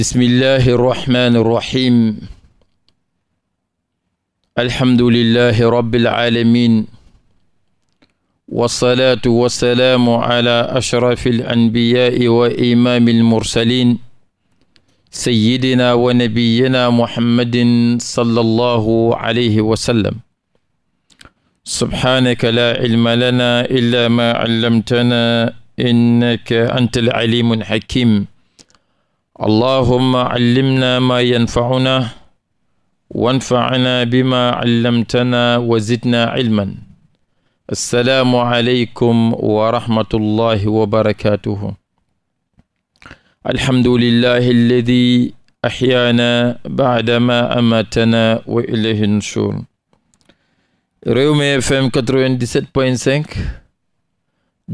bismillahi irrahmani irrahim alhamdulillahi rabbil alamin wasalaatu wasalaamu ala ashrafi alanbiyaai wa imaami almursalin sayidina wa nabiyina muhammadin sallallahu alayhi wa sallam subhaanaka laa cilma lanaa illaa maa callamtanaa innaka anta alcalimu alxakim allahumma callimna maa yanfacunaa wanfacnaa bimaa callamtanaa wa zidnaa cilman assalaamu aleykum wa rahmatullahi wa barakaatuhu alhamdulillahi alladi axyaanaa bacdamaa amaatanaa wa ilayhi nushuur Rewmi FM 97.5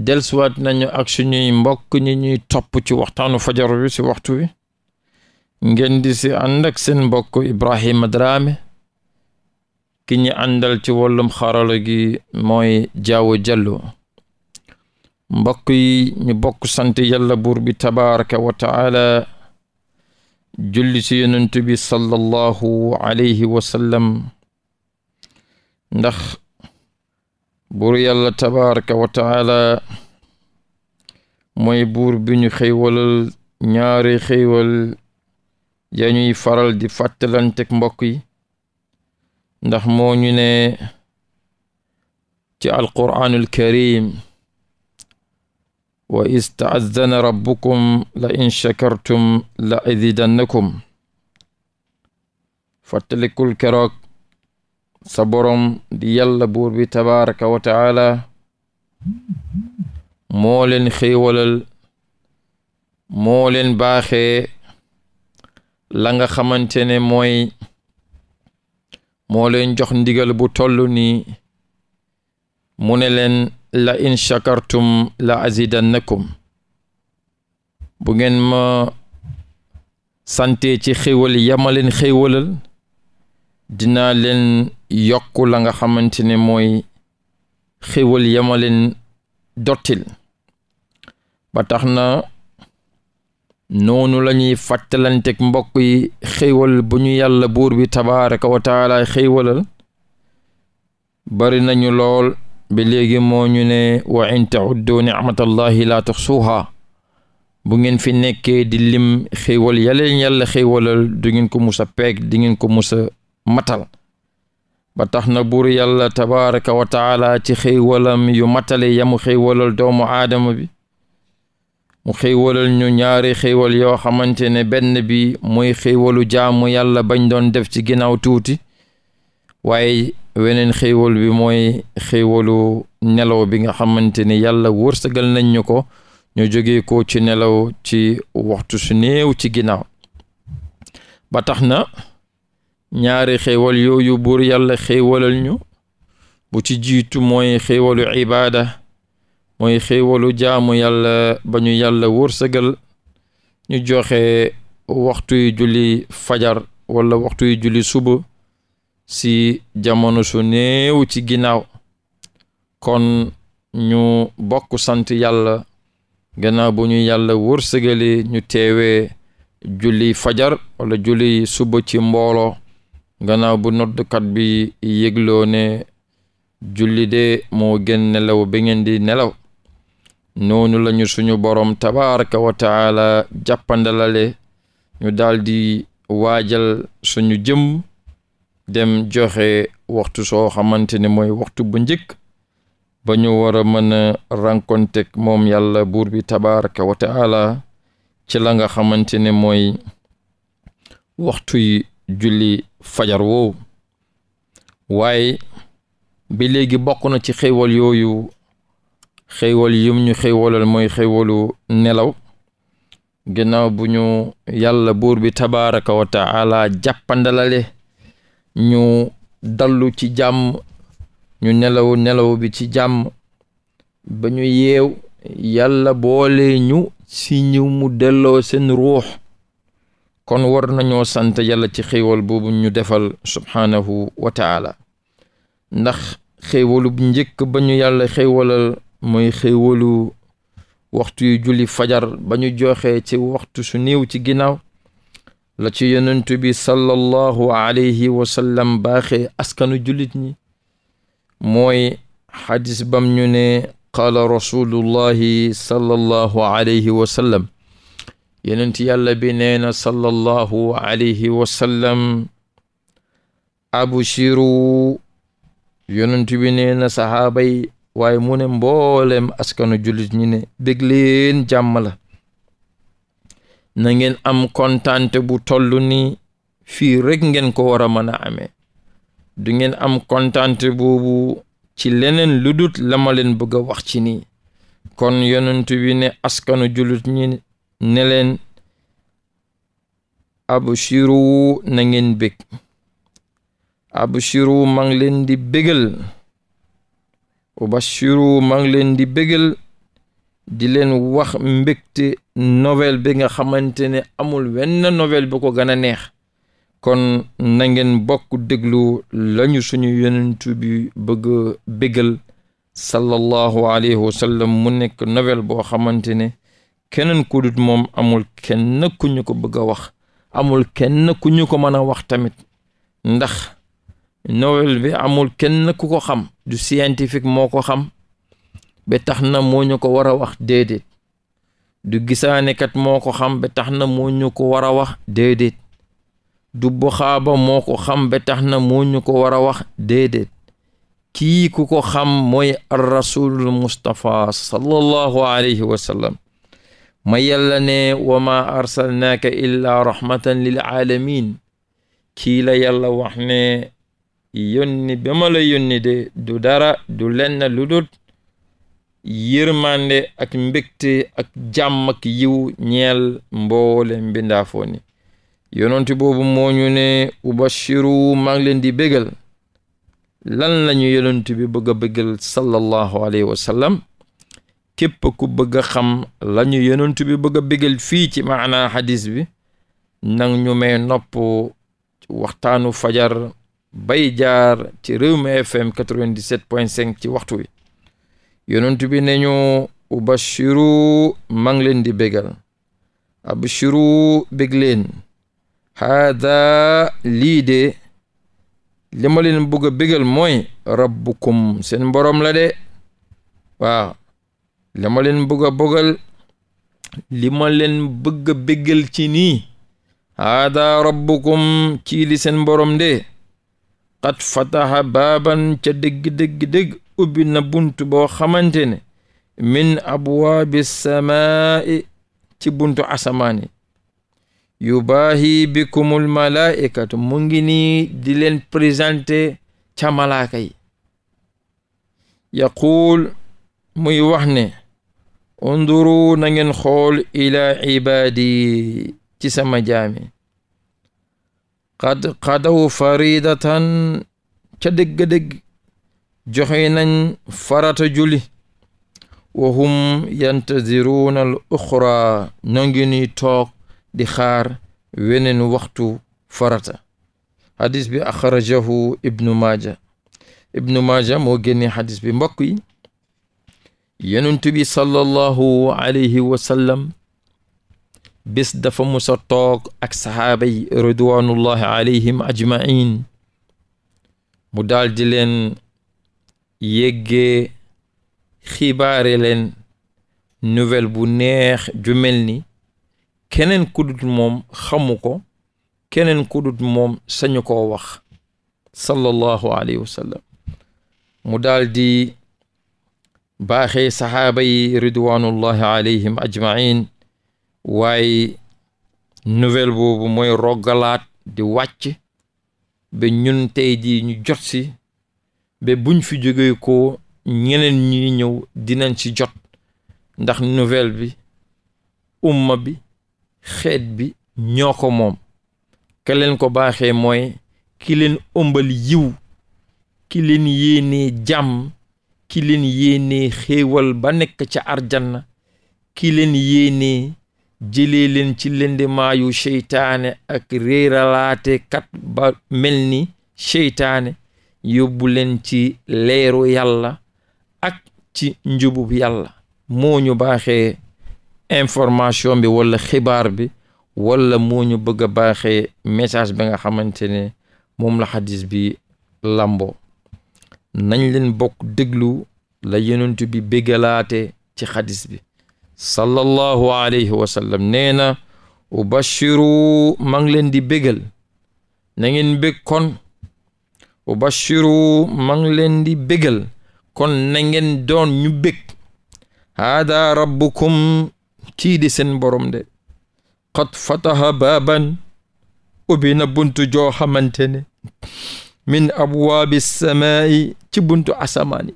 delsuwaat nañu ak suñuy mbokk ñi ñuy topp ci waxtaanu fajar wi ci waxtu wi ngeen di si ànd ak seen mbokk Ibrahima Drame ki ñi àndal ci wàllum xarala gi mooy jaawo jallo mbokk yi ñu bokk sant yàlla buur bi tabaraka wa taala julli si bi sallallahu alayhi wa ndax buur yàlla tabaraka wa taala mooy buur bi ñu xëywalal ñaari xëywal ya ñuy faral di fàttalanteeg mbokk yi ndax moo ñu ne ci alquraanul karim wa istaazana rabbukum la in shakartum la azidannakum fàttalikul keroog sa boroom di yàlla buur bi tabaraka wa taala moo leen xéewalal moo leen baaxee la nga xamante ne mooy moo leen jox ndigal bu toll nii mu ne leen la in shakartum la azidannakum bu ngeen ma sante ci xéewal yama xéewalal dina leen yokku la nga xamante ne mooy xéwal yama leen dottil ba tax na noonu la ñuy fàttalanteeg mbokk yi xéwal bu ñu yàlla buur bi tabaraka wa taala bari nañu lool ba léegi moo ñu ne wa in tauddu nicmatallahi laa tuxsuuha bu ngeen fi nekkee di lim xéwal yaleen yàlla xéwalal du ngeen ko musa peeg di ngeen ko musa matal ba tax na buur yàlla tabaraka wa ci xéewalam yu matal yamu xéewalal doomu aadama bi mu xéewalal ñu ñaari xéewal yoo xamante ne benn bi muy xéewalu jaamu yàlla bañ doon def ci ginnaaw tuuti waaye weneen xéewal bi mooy xéewalu nelaw bi nga xamante ne yàlla wërsëgal nañ ko ñu jóge ko ci nelaw ci waxtu su néew ci ginnaaw ñaari xéewal yooyu buur yàlla xéewalal ñu bu ci jiitu mooy xéewalu ibaada mooy xéewalu jaamu yàlla ba ñu yàlla wërsëgal ñu joxe waxtuy julli fajar wala waxtuy julli suba si jamono su néew ci ginnaaw kon ñu bokk sant yàlla gannaaw bu ñu yàlla wërsëgale ñu teewee julli fajar wala julli suba ci mbooloo gannaaw bu noddukat bi yëgloo ne julli de moo gën nelaw ba di nelaw noonu lañu suñu boroom tabaraka wa taala jàppandalale ñu daldi waajal suñu jëm dem joxe waxtu soo xamante ne mooy waxtu bu njëkk ba ñu war a mën a rencontre ak moom yàlla buur bi tabaraka wa taala ci la nga xamante ne mooy waxtu julli fajar woowu waaye bi léegi bokk na ci xéewal yooyu xéewal yum ñu xéewalal mooy xéewalu nelaw ginnaaw bu ñu yàlla buur bi tabaraka wa taala jàppandalale ñu dallu ci jàmm ñu nelaw nelaw bi ci jàmm ba ñu yeew yàlla boole ñu si ñu mu delloo seen ruux kon war nañoo sant yàlla ci xéewal boobu ñu defal subhaanahu wa taala ndax xéewalu bu njëkk ba ñu yàlla xéewalal mooy xéewalu waxtu yu julli fajar ba ñu joxe ci waxtu su néew ci ginnaaw la ci yonent bi sallallahu alayhi wa sallam baaxee askanu julit ñi mooy xadis bam ñu ne qaala rasulullahi sallallahu alayhi wa sallam yonent yàlla bi nee na sallallahu alayhi wa sallam abushiru yonent bi nee na sahaaba yi waaye mu ne mboolem askanu jullit ñi ne bég jàmm la na ngeen am kontante bu toll ni fii rek ngeen ko war a mën a amee du ngeen am kontante boobu ci leneen lu dut la ma leen bëgg a wax ci nii kon yonent bi ne askanu jullit ñi ne leen abshiru na ngeen bég abshiru ma ngi leen di bégal ubashiru ma leen di bégal di leen wax mbégte nouvelle bi nga xamante ne amul wenn nouvelle bu ko gën a neex kon nangeen bokk déglu lañu suñu yonentu bi bëgg bégal sallallahu alayhi wa mu nekk nouvelle boo xamante ne keneen ku moom amul kenn ku ko bëgg a wax amul kenn ku ñu ko mën a wax tamit ndax Noël bi amul kenn ku ko xam du scientifique moo ko xam ba tax na mooñu ko war a wax déedéet du gisaanekat moo ko xam na moo ko war a wax déedéet du boxaaba moo ko xam ba tax na moo ñu ko war a wax déedéet kii ku ko xam mooy ar mustafa mustapha sallallahu alayhi wa ma yàlla ne wa ma arsalnaaka illaa rahmatan lil aalamin kii la yàlla wax ne yonni ba ma la de du dara du lenn lu dul yërmande ak mbégte ak jàmm ak yiw ñeel mboole mbindaafoo ni boobu mooñu ñu ne ubashiru maa ngi leen di bégal lan lañu yonent bi bëgg a alayhi wa képp ku bëgg a xam la ñu yonent bi bëgg a fii ci maanaa hadis bi nang ñu may nopp waxtaanu fajar bay jaar ci Rewmi FM 97.5 ci waxtu wi yonent bi ne ñu ubashiru maa ngi leen di bégal abshiru bég lii de li ma leen bëgg a bégal rabbukum seen boroom la de waaw li leen bëgg a bëggal li ma leen bëgg a ci nii haada rabbukum ci li seen borom de qad fataha baaban ca dégg dégg ubbi na bunt boo xamante ne min abwaabi samaai ci buntu asamaan yi yubaahi bikumul malaaikatu mu ngi nii di leen présenté ca malaaka yaquul muy wax ne unduru nangeen ngeen xool ila ibaadi ci sama jaami qad qadaw faridatan ca dëgg-dëgg farata juli wa hum yantaziruuna al uxra toog di xaar weneen waxtu farata hadis bi axrajahu ibnu maaja ibnu maaja moo génne hadis bi mbokk yi yonent bi sallallahu alayhi wa sallam bés dafa musa toog ak saxaaba yi ridwanullahi alayhim ajmain mu daal di leen yéggee xibaare leen nouvelle bu neex ju mel ni keneen ku moom xamu ko keneen ku dut moom sañu koo wax sallallahu alayhi wa mu daal di baaxe saxaaba yi ridwanullahi alayhim ajmain waaye nouvelle boobu mooy roggalaat di wàcc ba ñun tey jii ñu jot si ba buñ fi jógee ko ñeneen ñi ñëw dinañ ci jot ndax nouvelle bi umma bi xeet bi ñooko ko moom ke leen ko baaxee mooy ki leen yiw ki leen yéenee jàmm ki leen yéenee xéewal ba nekk ca arjanna ki leen yéenee jëlee leen ci lendemaayu seytaane ak réeralaate kat ba mel ni seytaane yóbbu leen ci leeru yàlla ak ci njubub yàlla moo ñu baaxee information bi wala xibaar bi wala moo ñu bëgg a message bi nga xamante ne moom la bi làmboo nañ leen bokk déglu la yonent bi bégalaate ci xadis bi sallallahu alayhi wa sallam nee na ubashiru ma ngi leen di bégal na ngeen kon ubashiru ma ngi leen di bégal kon na ngeen doon ñu bég haada rabbukum kii di seen borom de qad fataha baaban ubbi na buntu joo xamante ne min abwaabi samaa'i ci buntu asamaan yi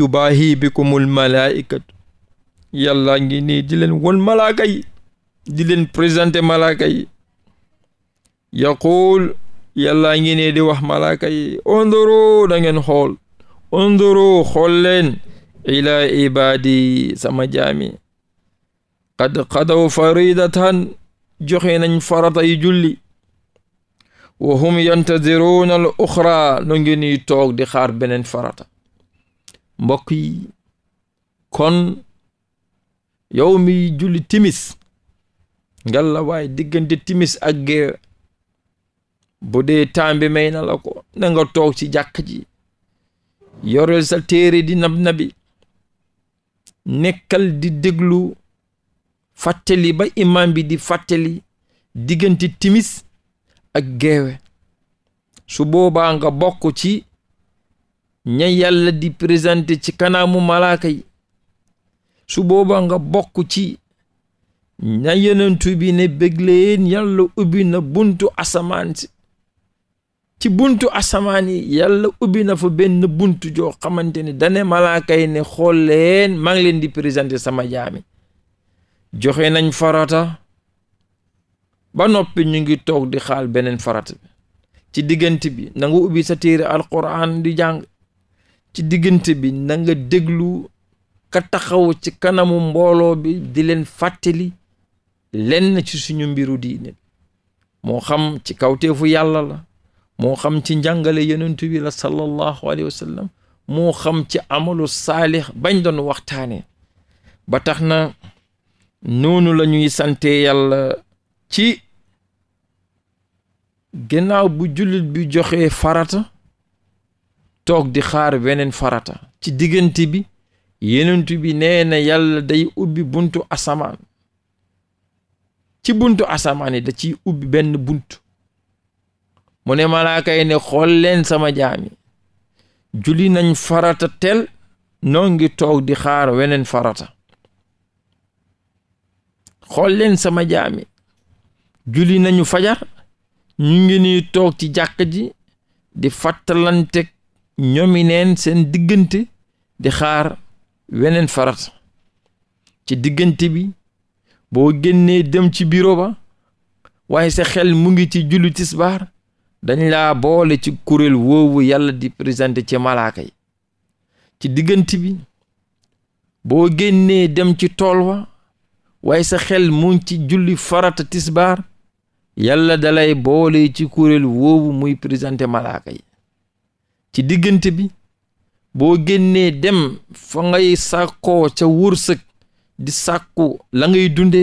yubaahi bikumul malaaikatu yàlla ngi nii di won malaaka yi di leen présenté malaaka yi yaquul yàlla ngi ni di wax malaaka yi ondoro xool ondoro xool leen ila ibaadi sama jaami qad qadaw faridatan joxe nañ julli wa hum yantadiruuna al uxra nu toog di xaar beneen farata mbokk yi kon yow mi julli timis ngalla waaye diggante timis ak gee dee temps bi ko na toog ci jàkk ji yoreel sa téere di nab-nabi nekkal di déglu fàttali ba imam bi di fàttali diggante timis ak géewe su nga bokk ci ña yàlla di présenté ci kanamu malaaka yi su boobaa nga bokk ci ña yenentu bi ne bégléen yàlla ubbi na buntu asamaan ci buntu asamaan yi yàlla ubbi na fa benn buntu joo xamante ne dane malaaka ne xool leen maa leen di présenté sama jaami joxe nañ farata ba noppi ñu ngi toog di xaal beneen farat bi ci diggant bi na ubbi sa téere alquran di jàng ci diggant bi nanga nga déglu ka taxaw ci kanamu mbooloo bi di leen fàttali lenn ci suñu mbiru diine moo xam ci kawteefu yàlla la moo xam ci njàngale yonent bi la sallallahu alayhi wa moo xam ci amalu saalix bañ doon waxtaanee ba tax na noonu la sante yàlla ci gannaaw bu jullit bi joxe farata toog di xaar weneen farata ci diggante bi yenent bi nee na yàlla day ubbi buntu asamaan ci buntu asamaan da ciy ubbi benn bunt mu ne malaaka yi ne xool leen sama jaami julli nañ farata tel noo ngi toog di xaar weneen farata xool leen sama jaami julli nañu fajar ñu ngi nii toog ci jàkk ji di fàttalanteg ñoomineen seen diggante di xaar weneen farat ci diggante bi boo génnee dem ci bureau ba waaye sa xel mu ngi ci julli tisbaar dañ laa boole ci kuréel woowu yàlla di présenté ci malaaka yi ci diggante bi boo génnee dem ci tool wa waaye sa xel mu ngi ci julli farata tisbaar yàlla dalay boole ci kuréel woowu muy présenté malaaka yi ci diggante bi boo génnee dem fa ngay sàkkoo ca wërsëg di sàkku la ngay dunde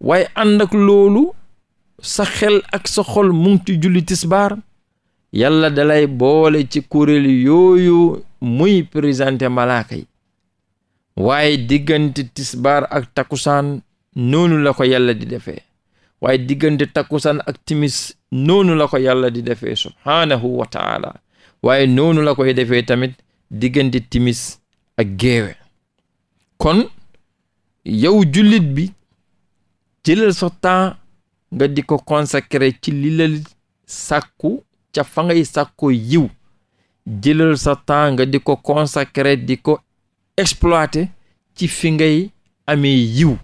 waaye ànd ak loolu sa xel ak sa xol mu ngi julli tisbaar yàlla dalay boole ci kuréel yooyu muy présenté malaaka yi waaye diggante tisbaar ak takusaan noonu la ko yàlla di defee waaye diggante takkusaan ak timis noonu la ko yàlla di defee subhaanahu wa taala waaye noonu la koy defee tamit diggante timis ak géewe kon yow jullit bi jëlal sa temps nga di ko consacré ci li la fa ngay sàkkoo yiw jëlal sa temps nga di ko consacré di ko exploité ci fi ngay amee yiw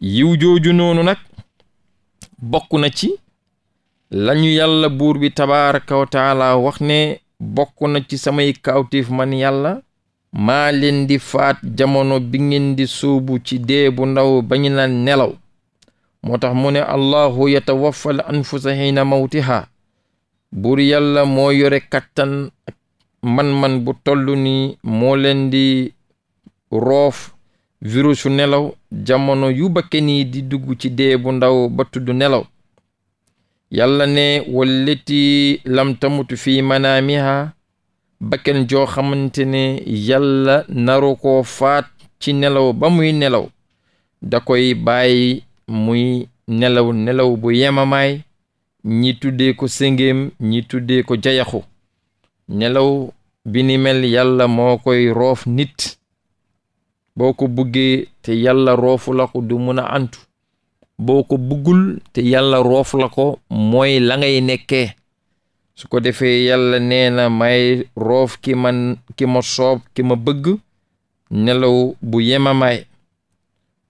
yiw jooju noonu nag bokk na ci lañu yàlla buur bi tabaraka wa taala wax ne bokk na ci samay kawtif man yàlla maa leen di faat jamono bi ngeen di suubu ci dee bu ndaw bañu na nelaw moo tax mu ne allahu yatawaffal anfusa xiina mawtiha buur yàlla moo yore kattan man-man bu toll ni moo leen di roof virusu nelaw jamono yu bakken yi di dugg ci dee bu ndaw ba tudd nelaw yàlla ne walleti lam fi fii manaamiha bakken joo xamante ne yàlla naru ko faat ci nelaw ba muy nelaw da koy bàyyi muy nelaw nelaw bu yemamaay ñi tuddee ko sëngéem ñi tuddee ko jayaxu nelaw bi ni yàlla moo koy roof nit boo ko buggee te yàlla roofu la ko du mun a antu boo ko buggul te yàlla roofu la ko mooy la nekkee su ko defee yàlla nee na may roof ki man ki ma soob ki ma bëgg nelaw bu yemamaay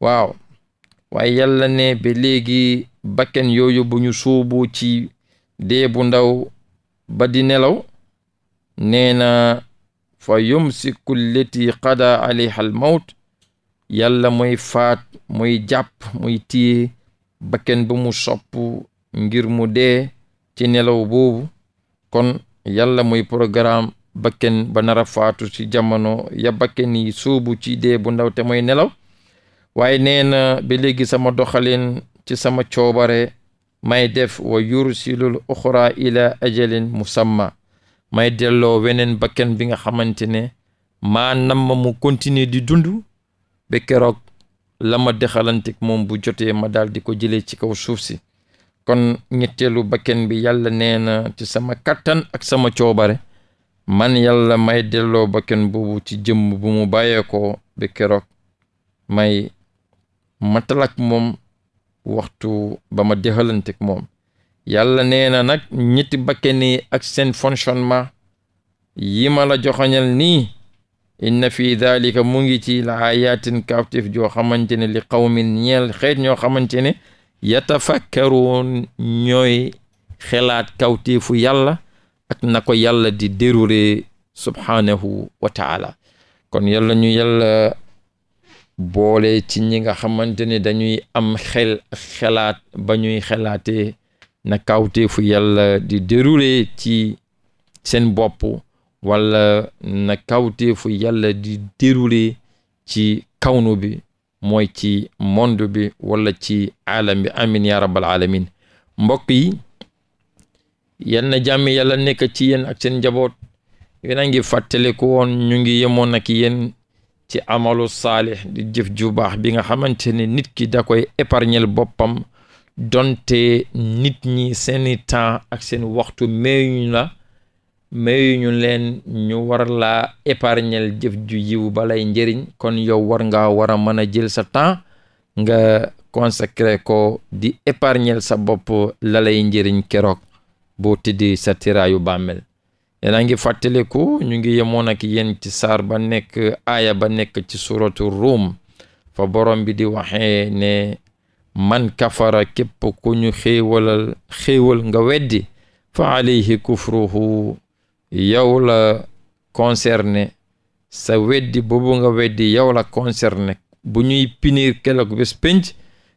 waaw waaye yàlla ne ba léegi bakken yooyu bu ñu suubu ci dee bu ndaw ba di nelaw nee na fa si lleti qada alayha al mawt yàlla mooy faat muy jàpp muy téye bakken bu mu sopp ngir mu dee ci nelaw boobu kon yàlla mooy programme bakken ba nara a faatu ci jamono ya bakken yi sóobu ci dee bu ndaw te mooy nelaw waaye neena na ba léegi sama doxalin ci sama coobare may def wa yursilul uxra ila ajalin musamma may delloo weneen bakken bi nga xamante ne maa nam mu continuer di dundu ba keroog la ma dexalantik moom bu jotee ma dal di ko jëlee ci kaw suuf si kon ñetteelu bakken bi yàlla nee na ci sama kàttan ak sama coobare man yàlla may delloo bakken boobu ci jëmm bu mu bàyyeekoo bi keroog may matalak moom waxtu ba ma dexalantik moom yàlla nee na nag ñetti bakken yi ak seen fonctionnement yi ma la joxañal nii inna fi daalika mu ngi ci la ayatin kawtif joo xamante ne li qawmin ñeel xeet ñoo xamante ne yatafakkaruun ñooy xelaat kawtifu yàlla na ko yàlla di déroulé subhaanahu wa kon yalla ñu yàlla boole ci ñi nga xamante ne dañuy am xel xelaat ba ñuy xelaatee na kawtifu yàlla di déroulé ci seen bopp wala na kawteefu yàlla di déroulé ci kawnu bi mooy ci monde bi wala ci aalam bi amin ya alamin mbokk yi yan na jàmm yàlla nekk ci yéen ak seen njaboot yéen a ngi fàttale ko woon ñu ngi yemoon ak yéen ci amalu saalix di jëf ju baax bi nga xamante ne nit ki da koy épargnel boppam donte nit ñi seeni temps ak seen waxtu meeyuñ la mayu ñu leen ñu war laa épargnel jëf ju yiw balay njëriñ kon yow war nga war a mën a jël sa temps nga consacré ko di épargnel sa bopp la lay njëriñ keroog boo tëddee sa tiraayu bàmmel yéen a ngi fàttaliku ñu ngi yemoon ak yéen ci saar ba nekk aaya ba nekk ci suratu ruum fa borom bi di waxee ne man kafara képp ko ñu xéewalal xéewal nga weddi fa alayhi kufruhu yow la concerné sa weddi boobu nga weddi yow la bu ñuy pinir keloog bés pénc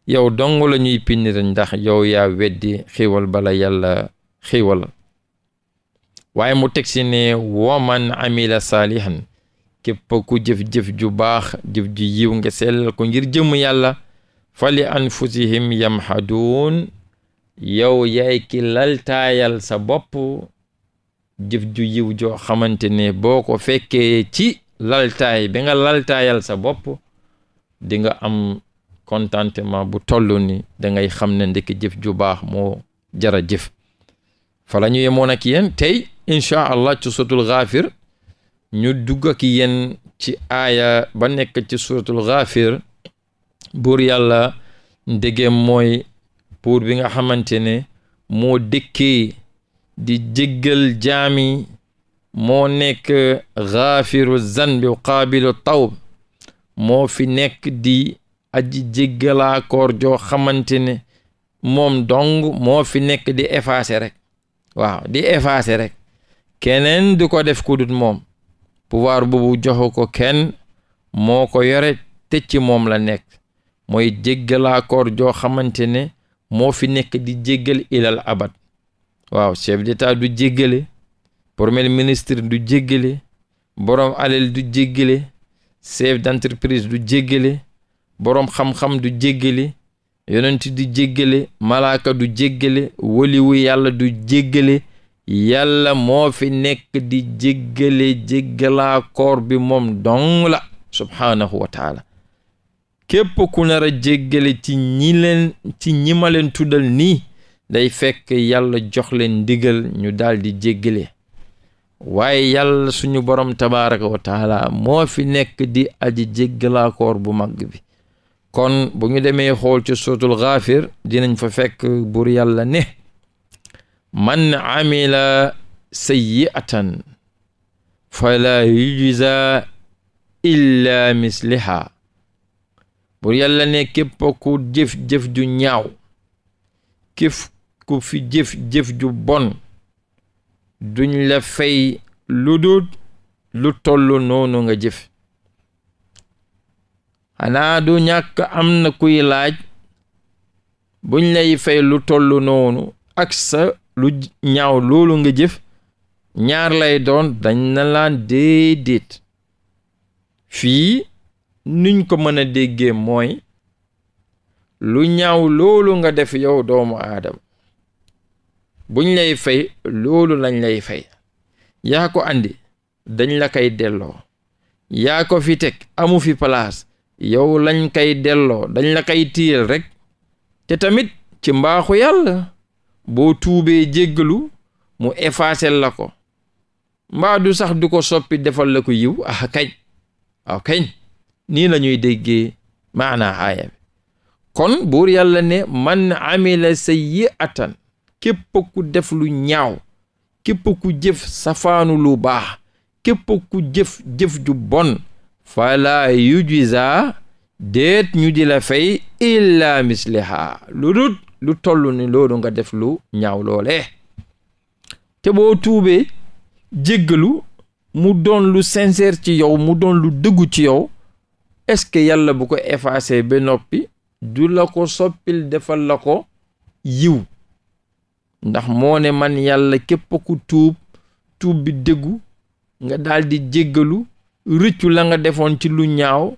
yow dong la ñuy punir ndax yow yaa weddi xiwal bala yàlla xiwal waaye mu teg si ne waman amila saalihan képp ku jëf-jëf ju baax jëf ju yiw nga sellal ko ngir jëm yàlla fali anfusihim yamhaduun yow yaay ki laltaayal sa bopp jëf ju yiw joo xamante ne boo ko fekkee ci laltaay bi nga laltaayal sa bopp di nga am contentement bu toll ni dangay xam ne ndekki jëf ju baax moo jara jëf fa la ñu yemoon ak yéen tey incha allah ci suratul gaafir ñu dugg ak yéen ci aya ba nekk ci suratul gaafir buur yàlla ndegem mooy buur bi nga xamante ne moo dëkkee di jéggal jaami moo nekk xaafiru zanbi qaabilu taw moo fi nekk di aji jéggalaa koor joo xamante ne moom dong moo fi nekk di effacer rek waaw di effacer rek keneen du ko def ku moom pouvoir boobu joxu ko kenn moo ko yore te ci moom la nekk mooy jéggalaa koor joo xamante ne moo fi nekk di jéggal ilal abad waaw chef d'état du jéggale premier ministre du jéggale borom alal du jéggale chef d'entreprise du jéggale boroom xam-xam du jéggale yonent du jéggale malaaka du jéggale woliwu yàlla du jéggale yàlla moo fi nekk di jéggale jéggalaa koor bi moom dong la subhaanahu wa képp ku nar ci ñi leen ñi ma tuddal nii day fekk yàlla jox leen ndigal ñu daldi di waaye yàlla suñu borom tabaraka wa moo fi nekk di aji jéggalaakoor bu mag bi kon bu ñu demee xool ci suratul gaafir dinañ fa fekk buur yàlla ne man amila sayyi'atan fala yujza illa misliha bur yàlla ne képp ku jëf-jëf ju ñaaw kif ku fi jëf-jëf ju bon duñ la fay lu dul lu toll noonu nga jëf xanaa du ñàkk am na kuy laaj buñ lay fay lu toll noonu ak sa lu ñaaw loolu nga jëf ñaar lay doon dañ na laan déedéet fii nuñ ko mën a déggee mooy lu ñaaw loolu nga def yow doomu aadama buñ lay fay loolu lañ lay fay yaa ko andi dañ la koy delloo yaa ko fi teg amu fi palaas yow lañ koy delloo dañ la koy tiil rekk te tamit ci mbaaxu yàlla boo tuubee jéggalu mu effacer la ko mbaa du sax du ko soppi defal la ko yiw ah kañ aw ah kañ nii lañuy ñuy déggee maanaa aaya kon buur yàlla ne man amila sayyi'atan képp ku def lu ñaaw képp ku safaanu lu baax képp ku jëf jëf ju bon fala yu yujza déet ñu di la fay illa misliha lu dut lu toll ni loolu nga def lu ñaaw loolee te boo tuubee jéggalu mu doon lu sincère ci yow mu doon lu dëggu ci yow est-ce que yàlla bu ko effacé ba noppi du la ko soppil defal la ko yiw ndax moo ne man yàlla képp ku tuub tuub bi nga daldi jéggalu rëccu langa nga defoon ci lu ñaaw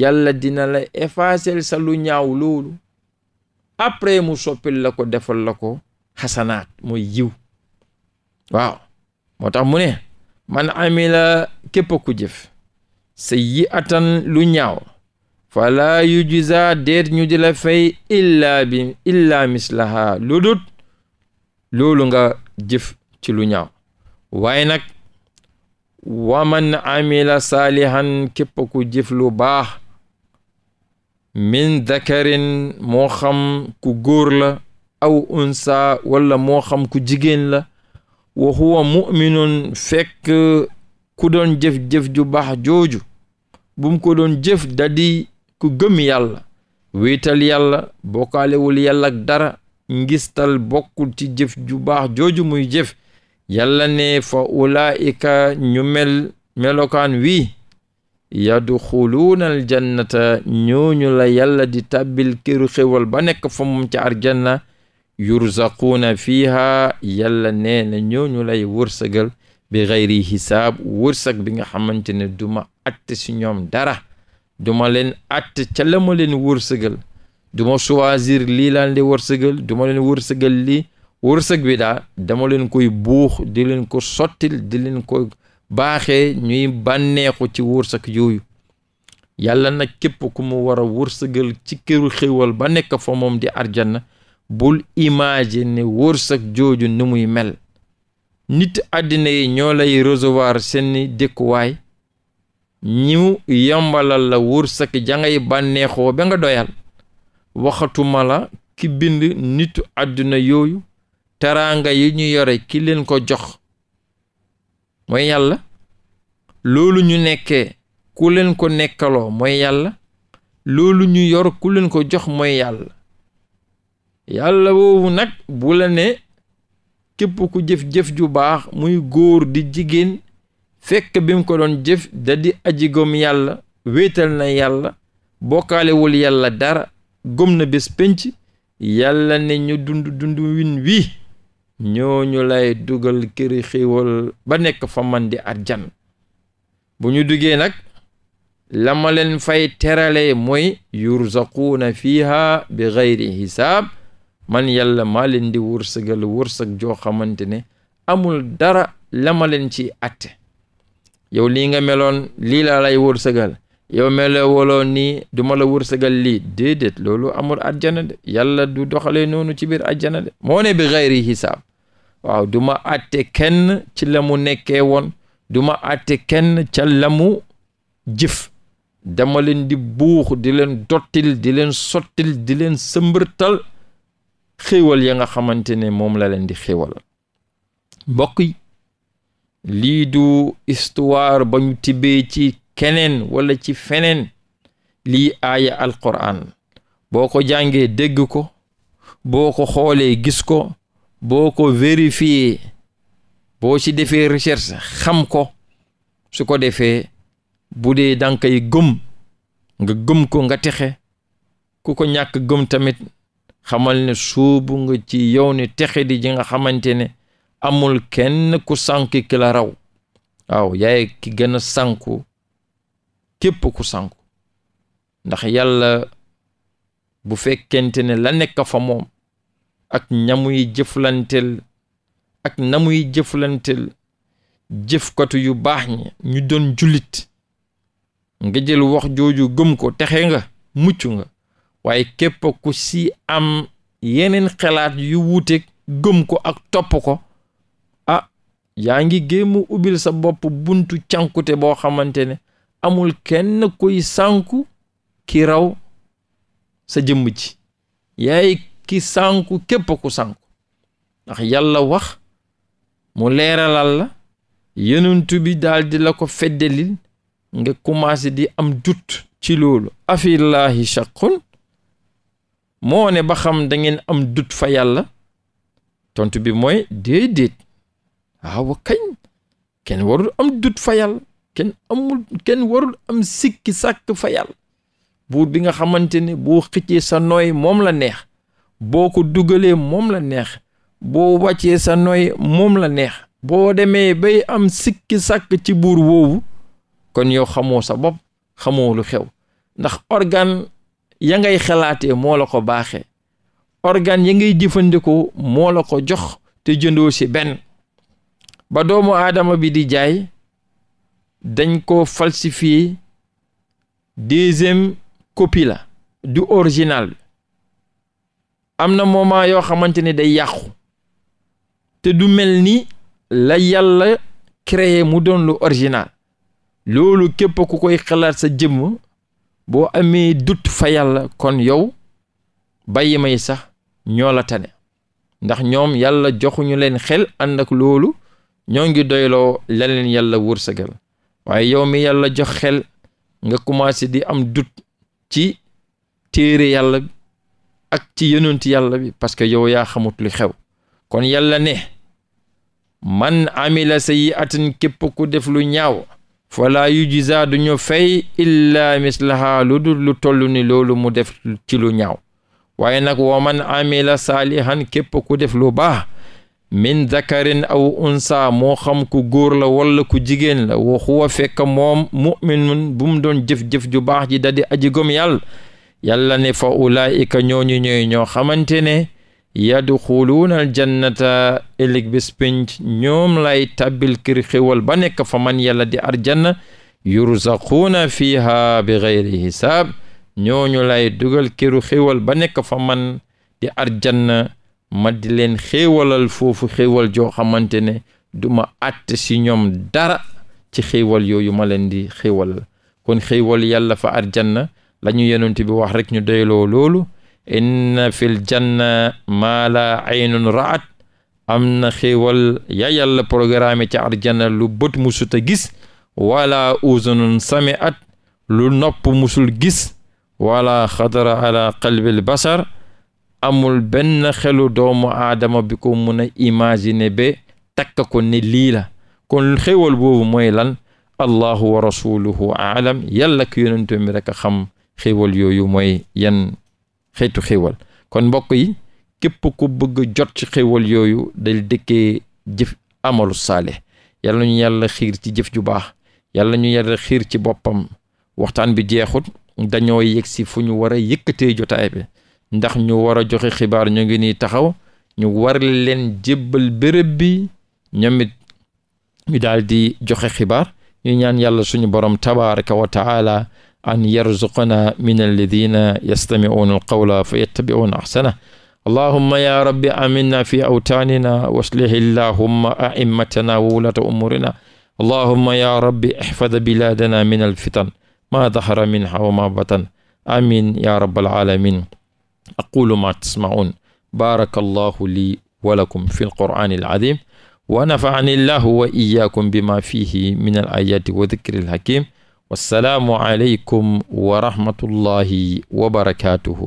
yàlla dina la effacer sa lu ñaaw loolu après mu soppil la ko defal la ko xasanaat mooy yiw waaw moo tax mu ne man amila képp ku jëf sayyi'atan lu ñaaw falaa yujza deet ñu di la fay illaa bi loolu nga jëf ci lu ñaaw waaye nag waman amila saalihan képp ku jëf lu baax min dakarin moo xam ku góor la aw unsa wala moo xam ku jigéen la wa huwa muminun fekk ku doon jëf-jëf ju baax jooju bum mu ko doon jëf dadi ku gëm yàlla wéetal yàlla bokkaalewul yàlla ak dara ngistal bokkul ci jëf ju baax jooju muy jëf yàlla ne fa ulaika ñu mel melokaan wi yadxuluuna aljannata ñooñu la yàlla di tàbbil këru xéwal ba nekk fa moom ci arjanna yurzaquuna fiiha yàlla nee na ñooñu lay wërsëgal bi xayri hisaab wërsëg bi nga xamante ne duma att si ñoom dara duma leen att ca la ma leen wërsëgal du ma choisir lii laan di wërsëgal du ma leen wërsëgal lii wërsëg bi daa dama leen koy buux di leen ko sottil di leen ko baaxe ñuy bànneexu ci wërsëg yooyu yàlla na képp ku mu war a wërsëgal ci këru xéwal ba nekk fa moom di arjana bul imaginer wërsëg jooju ni muy mel nit àddina yi ñoo lay recevoir seeni dëkkuwaay ñu yombalal la wërsëg ja ngay bànneexoo ba nga doyal waxatuma la ki bind nitu àdduna yooyu teraanga yi ñu yore ki leen ko jox mooy yàlla loolu ñu nekkee ku leen ko nekkaloo mooy yàlla loolu ñu yor ku leen ko jox mooy yàlla yàlla woowu nag bu la ne képp ku jëf-jëf ju baax muy góor di jigéen fekk bi mu ko doon jëf da di aji yàlla wéetal na yàlla bokkaalewul yàlla dara gëm na bés pénc yàlla ne ñu dund dund win wii ñooñu lay dugal këri ba nekk fa mandi di arjan bu ñu duggee nag la ma leen fay terale mooy yurzaquuna fiiha bi gayri hisaab man yàlla maa leen di wërsëgal joo xamante ne amul dara lamaleen ci atte yow lii nga meloon lii laa lay wërsëgal yow mela woloo nii du ma la wërsëgal lii déedéet loolu amul ajjana de yàlla du doxale noonu ci biir ajjana de moo ne bi xayri hisaab waaw du ma atte kenn ci la mu nekkee woon du ma atte kenn ca la jëf dama leen di buux di leen dottil di leen sottil di leen sëmbërtal xéewal ya nga xamante ne moom la leen di xéewal mbokk lii du histoire ba ñu ci keneen walla ci feneen lii aaya alquran boo ko jàngee dégg ko boo ko xoolee gis ko boo ko vérifier boo ci defee recherche xam ko su ko defee bu dee danga koy gëm nga gëm ko nga texe ku ko ñàkk gëm tamit xamal ne suubu nga ci yow ni texe di ji nga xamante ne amul kenn ku sànk kila la raw waaw yaay ki gën a képp ku sànku ndax yàlla bu fekkente ne la nekk fa moom ak ñamuy jëflanteel ak namuy jëflanteel jëfkatu yu baax ñi ñu doon jullit nga jël wax jooju gëm ko texe nga mucc nga waaye képp ku si am yeneen xalaat yu wuute gëm ko ak topp ko a ah, yaa ngi géemu ubbil sa bopp buntu cànkute boo xamante ne amul kenn kuy sànku ki raw sa jëmm ci yaay ki sànku képp ku sànku ndax yàlla wax mu leeralal la yenentu bi daldi la ko feddelil nga commencé di am dut ci loolu afillaahi chaqun moo ne ba xam dangeen am dut fa yàlla tontu bi mooy déedéet waaw kañ kenn warul am dut fa yàlla kenn kenn warul am sikki sàkk fa buur bi nga xamante ne boo xëccee sa nooy moom la neex boo ko dugalee moom la neex boo wàccee sa nooy moom la neex boo demee bay am sikki sàkk ci buur woowu kon yow xamoo sa bopp xamoo xew ndax organe ya ngay xalaatee moo la ko baaxee organe ya ngay jëfandikoo moo la ko jox te jëndoo si benn ba doomu aadama bi di jaay dañ ko falsifié deuxième copie la du original bi am na moment yoo xamante ne day yàqu te du mel ni la yàlla créé mu doon lu original loolu képp ku koy xalaat sa jëmm boo amee dut fa yàlla kon yow bàyyi may sax ñoo la tane ndax ñoom yàlla joxuñu leen xel ànd ak loolu ñoo ngi doyloo la leen yàlla wërsëgal waaye yow mi yàlla jox xel nga commencé di am dut ci téere yàlla ak ci yonent yàlla bi parce que yow yaa xamut lu xew kon yàlla ne man amila sayyi'atan képp ku def lu ñaaw fala yujza du ñu fay illa mislaha lu dul lu toll ni loolu mu def ci lu ñaaw waaye nag wa man amila saalihan képp ku def lu baax min dakarin aw unsa moo xam ku góor la walla ku jigéen la wa huwa fekk moom muminun bu mu doon jëf-jëf ju baax ji dadi aji gom yàlla yàlla ne fa ulaayika ñooñu ñooy ñoo xamante ne yadxuluuna aljannata ëllëg bis pénc ñoom lay tàbbil kër xéwal ba nekk fa man yàlla di arjanna yurzaquuna fiha bi gayri hisaab ñooñu lay dugal këru xéwal ba nekk fa man di arjanna ma di leen xéewalal foofu xéewal joo xamante ne duma ma àtte si ñoom dara ci xéewal yooyu ma leen di xéewalal kon xéewal yàlla fa arjanna la ñu yonent bi wax rek ñu doyloo loolu inna fil janna maa la raat am na xéewal ya yàlla programme ci arjana lu bët musuta gis wala uzunun samiat lu nopp musul gis wala xadara ala qalbil basar amul benn xelu doomu aadama bi ko mun a imagine ba takk ko ne lii la kon xéwal boobu mooy lan allahu wa rasuluhu aalam yàlla ki yonentu mi rek a xam xéwal yooyu mooy yan xeetu xéwal kon mbokk yi képp ku bëgg jot ci xéwal yooyu dal dëkkee jëf amalu saale yàlla ñu yàlla xiir ci jëf ju baax yàlla ñu yàlla xiir ci boppam waxtaan bi jeexut dañoo yegg si fu ñu war a yëkkatee jotaay bi ndax ñu war a joxe xibaar ñu ngi nii taxaw ñu war leen jébbal bërëb bi ñoom it ñu daal di joxe xibaar ñu ñaan yàlla suñu borom tabaraka wa taala an yarzuqana min alladina yastami'una alqawla fa yattabi'una ahsana allahumma fi awtaanina waslih allahumma a'immatana wa wulata umurina allahumma ya rabbi ihfad biladana min alfitan ma dahara minha wa ma batan amin ya rabbal alamin aqulu ma tasmaun baraka allahu lii walakum fi lqur'ani alazim wa nafaani llahu wa iyakum bima fihi min al ayati wa dikri alhakim wassalaamu aleykum wa rahmatullahi wa barakatuhu